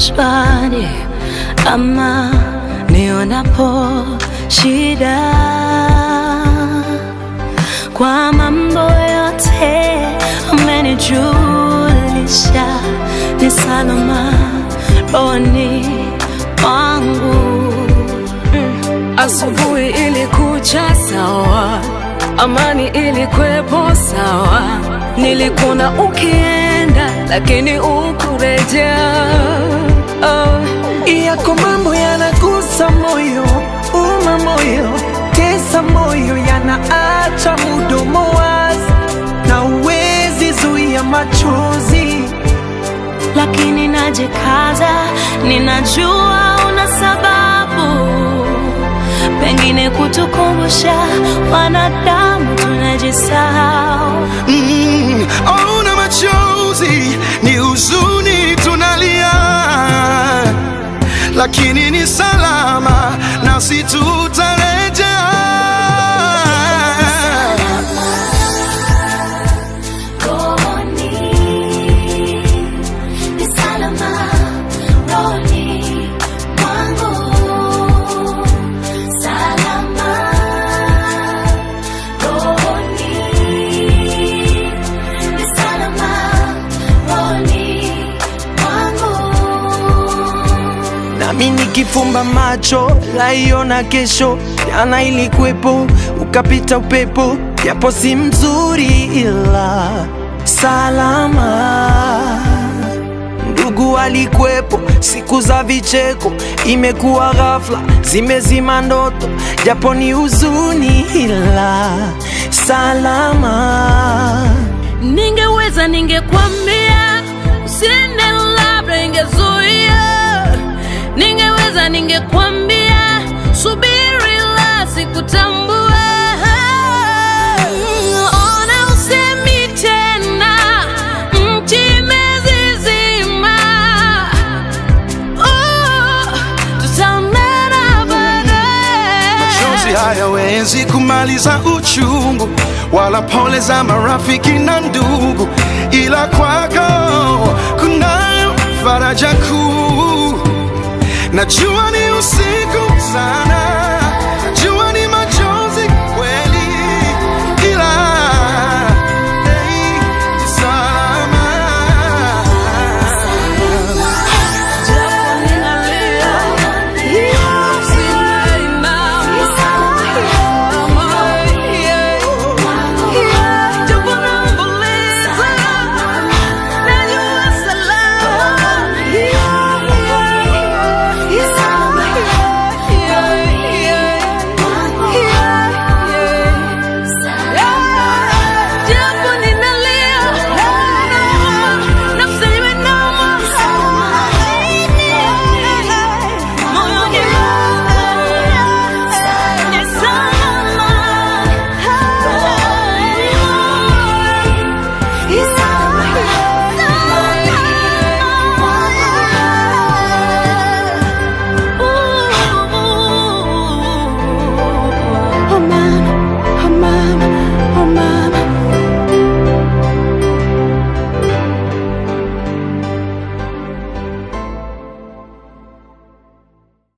shwari ama nionapo shida kwa mambo yote amenijulisha ni Salama rohoni mwangu. Mm. Asubuhi ilikucha sawa, amani ilikwepo sawa, nilikuna ukienda lakini ukureja Oh, yako mambo yanagusa moyo, uma moyo, tesa moyo, yanaacha mudomo wazi na uwezi zuia machozi, lakini najikaza, ninajua una sababu pengine kutukumbusha wanadamu tuna lakini ni salama nasi tu nami nikifumba macho laiona kesho. Jana ilikuwepo ukapita upepo, japo si mzuri, ila salama. Ndugu alikuwepo siku za vicheko, imekuwa ghafla, zimezima ndoto, japo ni huzuni, ila salama. Ningeweza ningekwama sasa ningekwambia subiri la sikutambua mm, ona tena mezizima oh, hayawezi kumaliza uchungu wala pole za marafiki na ndugu ila kwako kunayo faraja kuu najua ni usiku sana